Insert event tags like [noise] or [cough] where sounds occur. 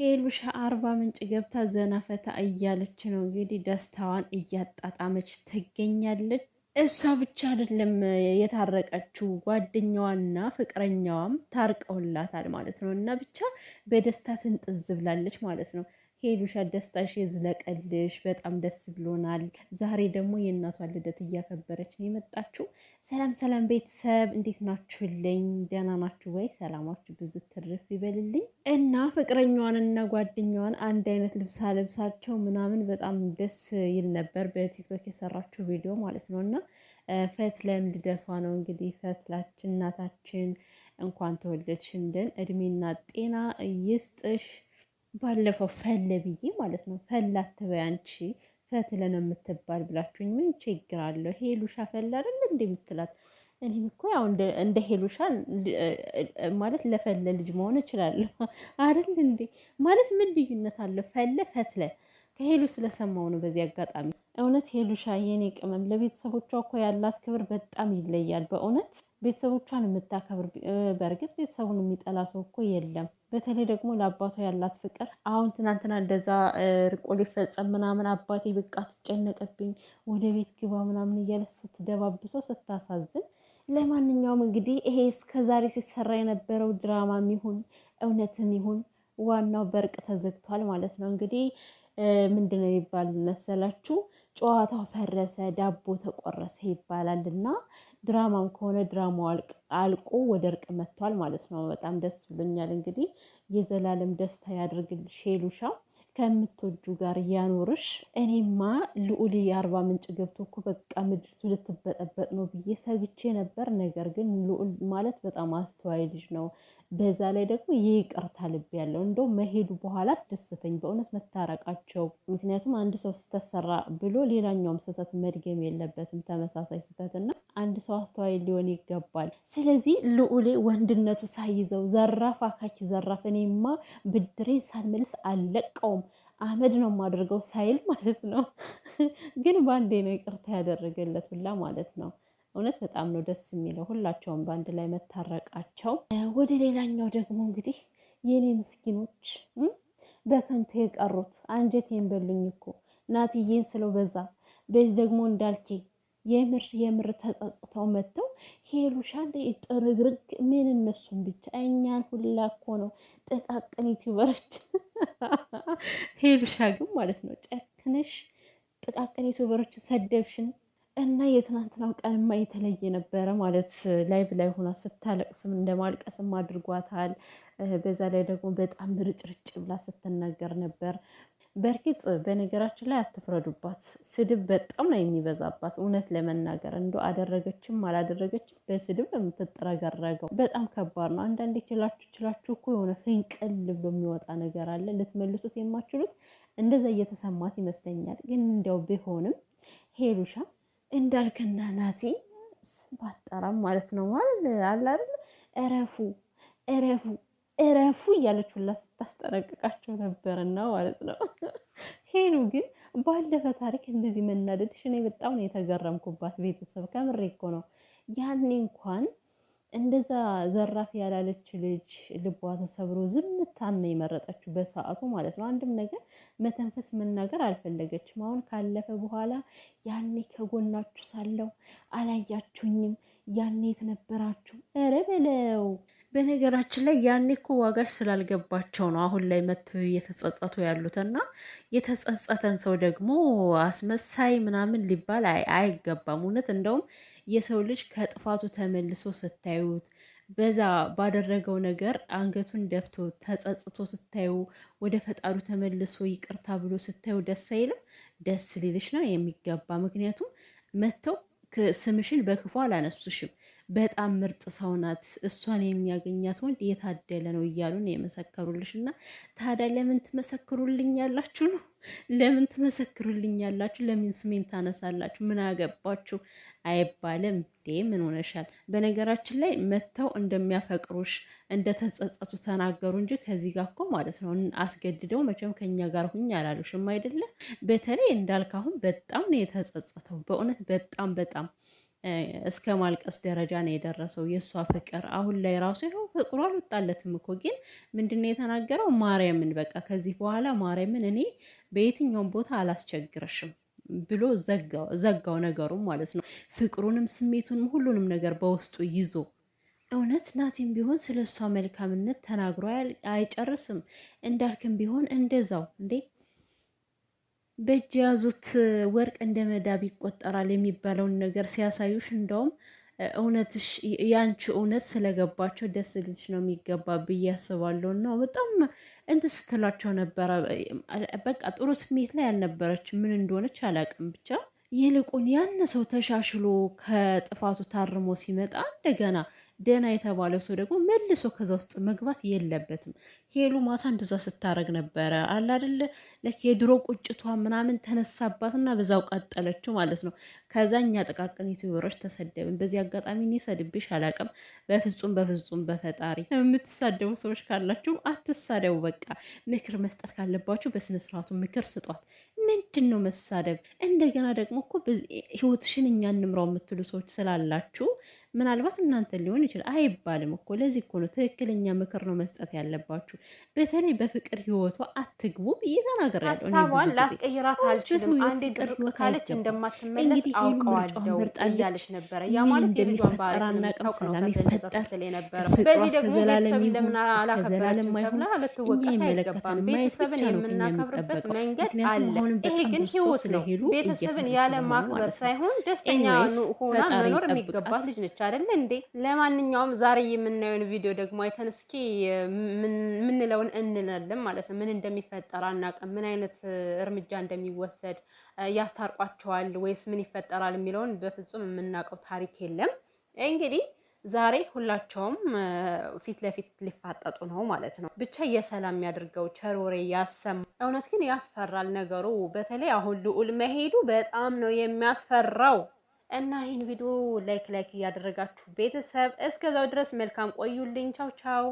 ሄሉሻ አርባ ምንጭ ገብታ ዘናፈታ እያለች ነው እንግዲህ ደስታዋን እያጣጣመች ትገኛለች። እሷ ብቻ አይደለም የታረቀችው፣ ጓደኛዋና ፍቅረኛዋም ታርቀውላታል ማለት ነው። እና ብቻ በደስታ ፍንጥዝ ብላለች ማለት ነው። ሄሉሻ ደስታሽ ይዝለቀልሽ። በጣም ደስ ብሎናል። ዛሬ ደግሞ የእናቷን ልደት እያከበረች ነው የመጣችው። ሰላም ሰላም ቤተሰብ እንዴት ናችሁልኝ? ደህና ናችሁ ወይ? ሰላማችሁ ብዙ ትርፍ ይበልልኝ። እና ፍቅረኛዋን እና ጓደኛዋን አንድ አይነት ልብስ አለብሳቸው ምናምን በጣም ደስ ይል ነበር። በቲክቶክ የሰራችሁ ቪዲዮ ማለት ነው እና ፈትለም ልደቷ ነው እንግዲህ ፈትላችን እናታችን እንኳን ተወለድሽልን እድሜና ጤና ይስጥሽ ባለፈው ፈለ ብዬ ማለት ነው ፈላ አትበይ አንቺ ፈትለ ነው የምትባል ብላችሁኝ ምን ችግር አለው? ሄሉሻ ፈላ አይደል እንደ የምትላት እኔም እኮ ያው እንደ ሄሉሻ ማለት ለፈለ ልጅ መሆን እችላለሁ [laughs] አይደል እንዴ? ማለት ምን ልዩነት አለው? ፈለ ፈትለ ከሄሉ ስለሰማው ነው። በዚህ አጋጣሚ እውነት ሄሉሻ የኔ ቅመም ለቤተሰቦቿ እኮ ያላት ክብር በጣም ይለያል። በእውነት ቤተሰቦቿን የምታከብር በእርግጥ ቤተሰቡን የሚጠላ ሰው እኮ የለም። በተለይ ደግሞ ለአባቷ ያላት ፍቅር አሁን ትናንትና እንደዛ ርቆ ሊፈጸም ምናምን አባቴ በቃ ትጨነቀብኝ ወደ ቤት ግባ ምናምን እያለ ስትደባብሰው ስታሳዝን። ለማንኛውም እንግዲህ ይሄ እስከዛሬ ሲሰራ የነበረው ድራማም ይሁን እውነትም ይሁን ዋናው በእርቅ ተዘግቷል ማለት ነው እንግዲህ ምንድን ነው ይባል መሰላችሁ? ጨዋታው ፈረሰ ዳቦ ተቆረሰ ይባላል እና ድራማም ከሆነ ድራማው አልቆ ወደ እርቅ መጥቷል ማለት ነው። በጣም ደስ ብሎኛል። እንግዲህ የዘላለም ደስታ ያድርግልሽ ሼሉሻ ከምትወጁ ጋር እያኖርሽ። እኔማ ልዑል የአርባ ምንጭ ገብቶ እኮ በቃ ምድሪቱ ልትበጠበጥ ነው ብዬ ሰግቼ ነበር። ነገር ግን ልዑል ማለት በጣም አስተዋይ ልጅ ነው። በዛ ላይ ደግሞ ይቅርታ ልብ ያለው እንደው መሄዱ በኋላ አስደሰተኝ በእውነት መታረቃቸው። ምክንያቱም አንድ ሰው ስህተት ሰራ ብሎ ሌላኛውም ስህተት መድገም የለበትም ተመሳሳይ ስህተትና አንድ ሰው አስተዋይ ሊሆን ይገባል። ስለዚህ ልዑሌ ወንድነቱ ሳይዘው ዘራፍ አካች ዘራፍ፣ እኔማ ብድሬን ሳልመልስ አልለቀውም አመድ ነው የማደርገው ሳይል ማለት ነው። ግን በአንዴ ነው ይቅርታ ያደረገለት ሁላ ማለት ነው። እውነት በጣም ነው ደስ የሚለው ሁላቸውም በአንድ ላይ መታረቃቸው። ወደ ሌላኛው ደግሞ እንግዲህ የኔ ምስኪኖች በከንቱ የቀሩት አንጀቴን በሉኝ እኮ ናትዬን ስለው በዛ በዚህ ደግሞ እንዳልኬ የምር የምር ተጸጽተው መጥተው ሄሉሻል ጥርግርግ ምን እነሱን ብቻ እኛን ሁላ እኮ ነው ጥቃቅን ዩቲዩበሮች። [laughs] ሄሉሻ ግን ማለት ነው ጨክነሽ ጥቃቅን ዩቲዩበሮችን ሰደብሽን እና የትናንትናው ቀንማ የተለየ ነበረ ማለት ላይ ላይ ሆና ስታለቅስም እንደማልቀስም አድርጓታል። በዛ ላይ ደግሞ በጣም ርጭርጭ ብላ ስትናገር ነበር። በእርግጥ በነገራችን ላይ አትፍረዱባት፣ ስድብ በጣም ነው የሚበዛባት። እውነት ለመናገር እንዶ አደረገችም አላደረገችም በስድብ የምትጠረገረገው በጣም ከባድ ነው። አንዳንዴ ችላችሁ ችላችሁ እኮ የሆነ ፍንቅል ብሎ የሚወጣ ነገር አለ ልትመልሱት የማችሉት እንደዛ እየተሰማት ይመስለኛል። ግን እንዲያው ቢሆንም ሄሉሻ እንዳልክና ናቲ ባጣራም ማለት ነው ማለት አለ አይደል? እረፉ እረፉ እረፉ እያለች ሁላ ስታስጠነቅቃቸው ነበርና ማለት ነው። ሄኑ ግን ባለፈ ታሪክ እንደዚህ መናደድሽ እኔ በጣም ነው የተገረምኩባት። ቤተሰብ ከምሬ እኮ ነው ያኔ እንኳን እንደዛ ዘራፍ ያላለች ልጅ ልቧ ተሰብሮ ዝምታን ነው የመረጠችው በሰዓቱ ማለት ነው። አንድም ነገር መተንፈስ መናገር አልፈለገችም። አሁን ካለፈ በኋላ ያኔ ከጎናችሁ ሳለው አላያችሁኝም ያኔ የተነበራችሁ ኧረ በለው። በነገራችን ላይ ያኔ እኮ ዋጋሽ ስላልገባቸው ነው አሁን ላይ መተው እየተጸጸቱ ያሉትና የተጸጸተን ሰው ደግሞ አስመሳይ ምናምን ሊባል አይገባም። እውነት እንደውም የሰው ልጅ ከጥፋቱ ተመልሶ ስታዩት በዛ ባደረገው ነገር አንገቱን ደፍቶ ተጸጽቶ ስታዩ ወደ ፈጣሪ ተመልሶ ይቅርታ ብሎ ስታዩ ደስ አይልም? ደስ ሊልሽ ነው የሚገባ ምክንያቱም መተው ስምሽን በክፉ አላነሱሽም በጣም ምርጥ ሰው ናት፣ እሷን የሚያገኛት ወንድ የታደለ ነው እያሉ ነው የመሰከሩልሽ። እና ታዲያ ለምን ያላችሁ ነው? ለምን ያላችሁ? ለምን ስሜን ታነሳላችሁ? ምን አገባችሁ አይባልም። ዴ ምን ሆነሻል? በነገራችን ላይ መጥተው እንደሚያፈቅሩሽ እንደተጸጸቱ ተናገሩ እንጂ ከዚህ ጋር እኮ ማለት ነው አስገድደው መቼም ከኛ ጋር ሁኝ አላሉሽም አይደለም። በተለይ እንዳልካሁን በጣም ነው የተጸጸተው። በእውነት በጣም በጣም እስከ ማልቀስ ደረጃ ነው የደረሰው የእሷ ፍቅር። አሁን ላይ ራሱ ይኸው ፍቅሩ አልወጣለትም እኮ ግን ምንድን ነው የተናገረው? ማርያምን በቃ ከዚህ በኋላ ማርያምን እኔ በየትኛውም ቦታ አላስቸግረሽም ብሎ ዘጋው ነገሩ ማለት ነው። ፍቅሩንም ስሜቱንም ሁሉንም ነገር በውስጡ ይዞ እውነት ናቲም ቢሆን ስለ እሷ መልካምነት ተናግሮ አይጨርስም። እንዳልክም ቢሆን እንደዛው እንዴ በእጅ የያዙት ወርቅ እንደ መዳብ ይቆጠራል የሚባለውን ነገር ሲያሳዩሽ እንደውም እውነትሽ ያንቺ እውነት ስለገባቸው ደስ ልጅ ነው የሚገባ ብዬ አስባለሁ። እና በጣም እንት ስትላቸው ነበረ። በቃ ጥሩ ስሜት ላይ አልነበረች። ምን እንደሆነች አላውቅም ብቻ ይልቁን ያን ሰው ተሻሽሎ ከጥፋቱ ታርሞ ሲመጣ እንደገና ደህና የተባለው ሰው ደግሞ መልሶ ከዛ ውስጥ መግባት የለበትም። ሄሉ ማታ እንደዛ ስታረግ ነበረ አለ አይደለ? የድሮ ቁጭቷ ምናምን ተነሳባትና በዛው ቀጠለችው ማለት ነው። ከዛኛ ጥቃቅን ዩቲዩበሮች ተሰደብን። በዚህ አጋጣሚ እኔ ሰድብሽ አላቅም። በፍጹም በፍጹም። በፈጣሪ የምትሳደቡ ሰዎች ካላችሁም አትሳደቡ። በቃ ምክር መስጠት ካለባችሁ በስነስርዓቱ ምክር ስጧት። ምንድን ነው መሳደብ? እንደገና ደግሞ እኮ ህይወትሽን እኛ እንምራው የምትሉ ሰዎች ስላላችሁ ምናልባት እናንተ ሊሆን ይችላል አይባልም እኮ ለዚህ እኮ ነው ትክክለኛ ምክር ነው መስጠት ያለባችሁ። በተለይ በፍቅር ህይወቷ አትግቡ ብዬ ተናግሬያለሁ። ላስቀይራት አልችልም። አንዴ ድርቅ ካለች እንደማትመለስ አውቀዋለሁ እያለች ነበረ። ያ ማለት ይሄ ግን ህይወት ነው። ቤተሰብን ያለ ማክበር ሳይሆን ደስተኛ ሆና መኖር የሚገባት ልጅ ነች አይደለ እንዴ? ለማንኛውም ዛሬ የምናየውን ቪዲዮ ደግሞ አይተን እስኪ የምንለውን እንላለን ማለት ነው። ምን እንደሚፈጠር አናውቅም። ምን አይነት እርምጃ እንደሚወሰድ ያስታርቋቸዋል ወይስ ምን ይፈጠራል የሚለውን በፍጹም የምናውቀው ታሪክ የለም እንግዲህ ዛሬ ሁላቸውም ፊት ለፊት ሊፋጠጡ ነው ማለት ነው። ብቻ የሰላም ያድርገው፣ ቸር ወሬ ያሰማ። እውነት ግን ያስፈራል ነገሩ። በተለይ አሁን ልዑል መሄዱ በጣም ነው የሚያስፈራው። እና ይህን ቪዲዮ ላይክ ላይክ እያደረጋችሁ ቤተሰብ እስከዛው ድረስ መልካም ቆዩልኝ። ቻው ቻው